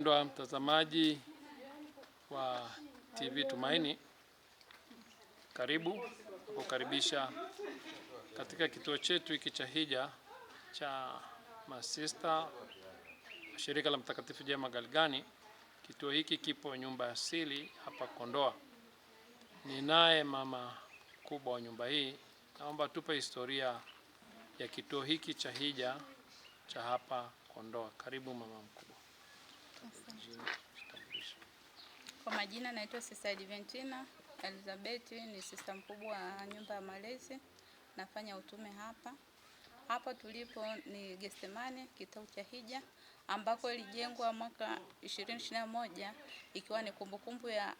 Mpendwa mtazamaji wa TV Tumaini, karibu kukaribisha katika kituo chetu hiki cha hija cha masista shirika la Mtakatifu Jema Galgani. Kituo hiki kipo nyumba asili hapa Kondoa. Ninaye mama mkubwa wa nyumba hii, naomba tupe historia ya kituo hiki cha hija cha hapa Kondoa. Karibu mama mkubwa. majina naitwa Sister Adventina Elizabeth, ni sista mkubwa wa nyumba ya malezi, nafanya utume hapa. Hapa tulipo ni Gethsemane kitau cha hija ambako ilijengwa mwaka 2021 ikiwa ni kumbukumbu ya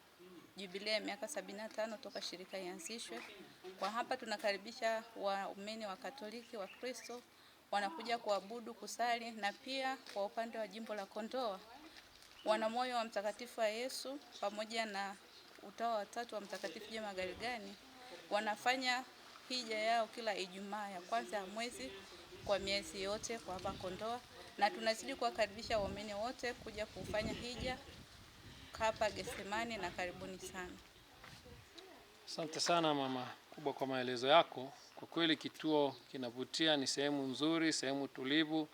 jubilei ya miaka 75 toka shirika ianzishwe. Kwa hapa tunakaribisha waumini wa Katoliki wa Kristo wanakuja kuabudu, kusali na pia kwa upande wa jimbo la Kondoa wana moyo wa mtakatifu wa Yesu pamoja na utawa watatu wa Mtakatifu Juma Galgani wanafanya hija yao kila Ijumaa ya kwanza ya mwezi kwa miezi yote kwa hapa Kondoa, na tunazidi kuwakaribisha waumini wote kuja kufanya hija hapa Gethsemane, na karibuni sana. Asante sana mama kubwa kwa maelezo yako. Kwa kweli kituo kinavutia, ni sehemu nzuri, sehemu tulivu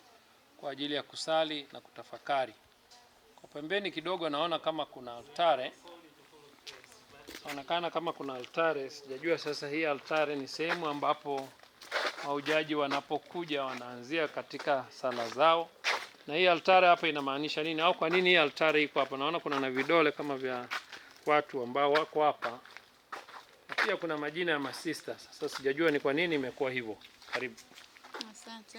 kwa ajili ya kusali na kutafakari pembeni kidogo naona kama kuna altare, naonekana kama kuna altare. Sijajua sasa hii altare ni sehemu ambapo maujaji wanapokuja wanaanzia katika sala zao, na hii altare hapa inamaanisha nini, au kwa nini hii altare iko hapa? Naona kuna na vidole kama vya watu ambao wako hapa, pia kuna majina ya masista. Sasa sijajua ni kwa nini imekuwa hivyo. Karibu, asante.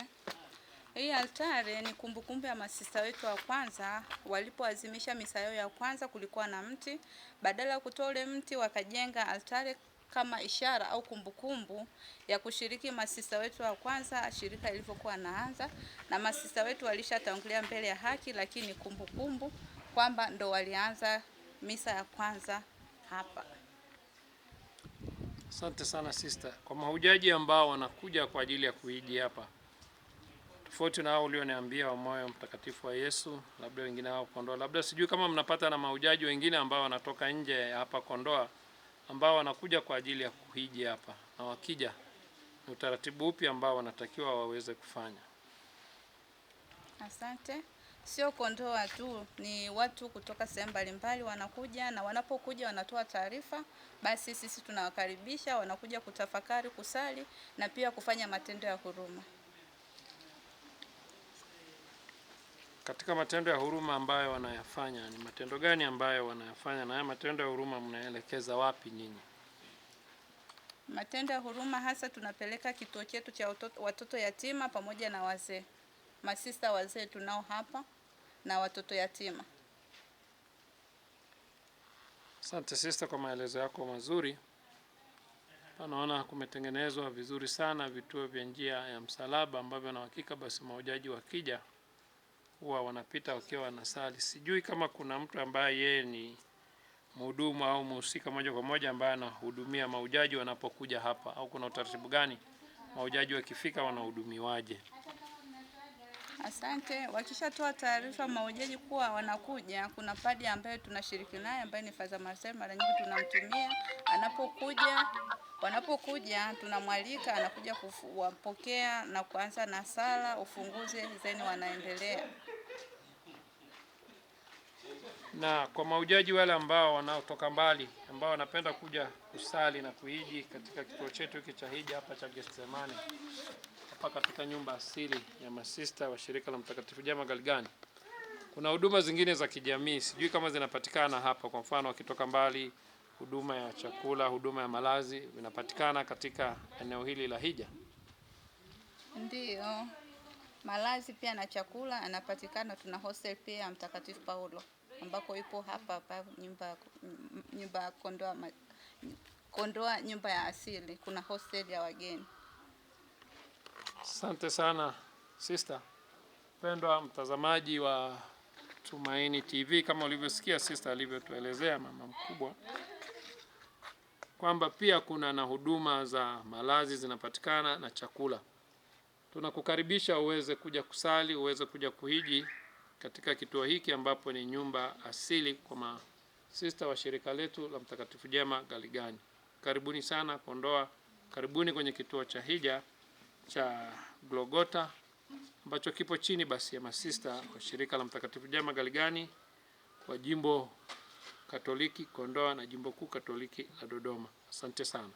Hii altare ni kumbukumbu ya masista wetu wa kwanza walipoazimisha misa yao ya kwanza, kulikuwa na mti. Badala ya kutoa ule mti, wakajenga altare kama ishara au kumbukumbu ya kushiriki masista wetu wa kwanza shirika ilivyokuwa naanza, na masista wetu walishatangulia mbele ya haki, lakini kumbukumbu kwamba ndo walianza misa ya kwanza hapa. Asante sana sister kwa mahujaji ambao wanakuja kwa ajili ya kuiji hapa tofauti na hao ulioniambia wa moyo mtakatifu wa Yesu, labda wengine hao Kondoa, labda sijui kama mnapata na mahujaji wengine ambao wanatoka nje hapa Kondoa ambao wanakuja kwa ajili ya kuhiji hapa, na wakija ni utaratibu upi ambao wanatakiwa waweze kufanya? Asante. Sio Kondoa tu, ni watu kutoka sehemu mbalimbali wanakuja, na wanapokuja wanatoa taarifa, basi sisi tunawakaribisha, wanakuja kutafakari, kusali na pia kufanya matendo ya huruma. katika matendo ya huruma ambayo wanayafanya, ni matendo gani ambayo wanayafanya, na haya matendo ya huruma mnaelekeza wapi nyinyi? Matendo ya huruma hasa tunapeleka kituo chetu cha watoto yatima pamoja na wazee, masista wazee tunao hapa na watoto yatima. Asante sista kwa maelezo yako mazuri. panaona kumetengenezwa vizuri sana vituo vya njia ya msalaba ambavyo na hakika basi mahujaji wakija huwa wanapita wakiwa wanasali. Sijui kama kuna mtu ambaye yeye ni mhudumu au mhusika moja kwa moja ambaye anahudumia maujaji wanapokuja hapa, au kuna utaratibu gani maujaji wakifika wanahudumiwaje? Asante. Wakishatoa taarifa maujaji kuwa wanakuja, kuna padi ambayo tunashiriki naye ambaye ni Father Marcel, mara nyingi tunamtumia anapokuja. Wanapokuja tunamwalika, anakuja kuwapokea na kuanza na sala ufunguzi, then wanaendelea na kwa maujaji wale ambao wanaotoka mbali ambao wanapenda kuja kusali na kuhiji katika kituo chetu hiki cha hija hapa cha Gethsemane hapa katika nyumba asili ya masista wa shirika la Mtakatifu Jama Galgani. Kuna huduma zingine za kijamii, sijui kama zinapatikana hapa. Kwa mfano, wakitoka mbali, huduma ya chakula, huduma ya malazi vinapatikana katika eneo hili la hija. Ndiyo, malazi pia na chakula anapatikana. Tuna hostel pia ya Mtakatifu Paulo ambako ipo hapa hapa nyumba nyumba ya Kondoa Kondoa, nyumba ya asili, kuna hostel ya wageni. Asante sana sister. Mpendwa mtazamaji wa Tumaini TV, kama ulivyosikia sister alivyotuelezea mama mkubwa kwamba pia kuna na huduma za malazi zinapatikana na chakula. Tunakukaribisha uweze kuja kusali, uweze kuja kuhiji katika kituo hiki ambapo ni nyumba asili kwa masista wa shirika letu la Mtakatifu Jema Galigani. Karibuni sana Kondoa, karibuni kwenye kituo cha hija cha Glogota ambacho kipo chini basi ya masista wa shirika la Mtakatifu Jema Galigani wa jimbo Katoliki Kondoa na jimbo kuu Katoliki la Dodoma. Asante sana.